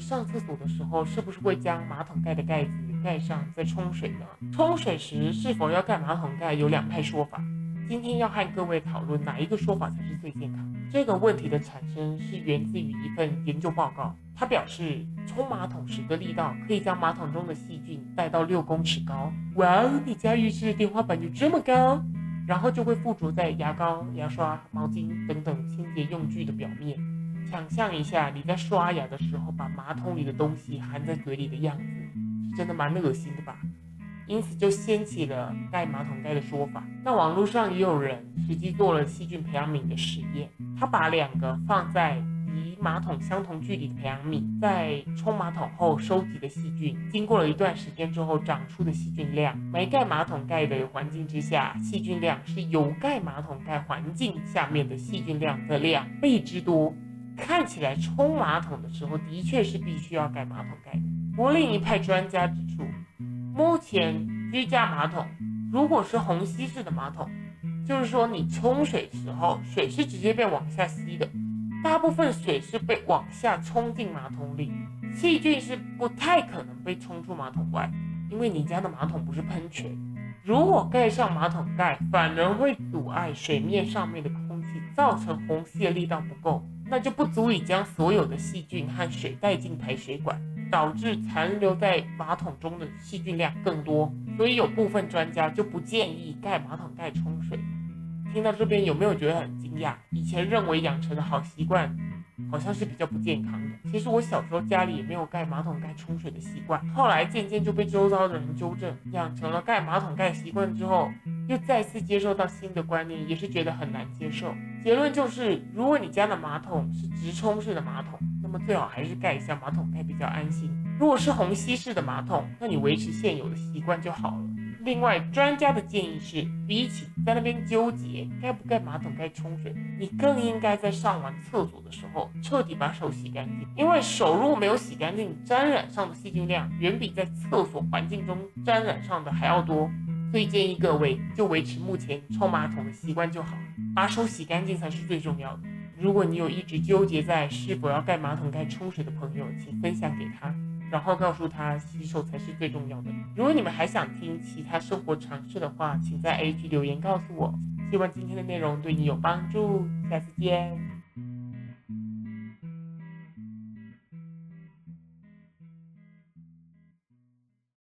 上廁所的時候，是不是會將馬桶蓋的蓋子蓋上再沖水呢？沖水時是否要蓋馬桶蓋有兩派說法。今天要和各位討論哪一個說法才是最健康？這個問題的產生是源自於一份研究報告，他表示沖馬桶時的力道可以將馬桶中的細菌帶到六公尺高，哇，你家浴室的天花板就這麼高？然後就會附着在牙膏、牙刷、毛巾等等清潔用具的表面。想象一下你在刷牙的時候，把馬桶裡的東西含在嘴裡的樣子，是真的蠻惡心的吧？因此就掀起了蓋馬桶蓋的說法。那網絡上也有人隨機做了細菌培養皿的實驗，他把兩個放在離馬桶相同距離的培養皿，在沖馬桶後收集的細菌，經過了一段時間之後長出的細菌量，沒蓋馬桶蓋的環境之下，細菌量是有蓋馬桶蓋環境下面的細菌量的兩倍之多。看起來沖馬桶的時候的確是必須要蓋馬桶蓋的。不過另一派專家指出，目前居家馬桶如果是虹吸式的馬桶，就是說你沖水時候水是直接被往下吸的，大部分水是被往下沖進馬桶裡，細菌是不太可能被沖出馬桶外，因為你家的馬桶不是噴泉。如果蓋上馬桶蓋，反而會阻礙水面上面的空氣，造成虹吸的力道不夠。那就不足以將所有的細菌和水帶進排水管，導致殘留在馬桶中的細菌量更多。所以有部分專家就不建議蓋馬桶蓋沖水。聽到這邊有沒有覺得很驚訝？以前認為養成的好習慣，好像是比較不健康的。其實我小時候家裡也沒有蓋馬桶蓋沖水的習慣，後來漸漸就被周遭的人糾正，養成了蓋馬桶蓋習慣之後。又再次接受到新的觀念，也是覺得很難接受。結論就是，如果你家的馬桶是直沖式的馬桶，那麼最好還是蓋一下馬桶蓋比較安心。如果是虹吸式的馬桶，那你維持現有的習慣就好了。另外，專家的建議是，比起在那邊糾結該不該馬桶蓋沖水，你更應該在上完廁所的時候徹底把手洗乾淨。因為手如果沒有洗乾淨，沾染上的細菌量遠比在廁所環境中沾染上的還要多。所以建議各位就維持目前沖馬桶的習慣就好，把手洗乾淨才是最重要的。如果你有一直糾結在是否要蓋馬桶蓋沖水的朋友，請分享給他，然後告訴他洗手才是最重要的。如果你們還想聽其他生活常識的話，請在 IG 留言告訴我。希望今天的內容對你有幫助，下次見。